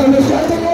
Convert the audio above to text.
Ẹ lè jẹ́ tó.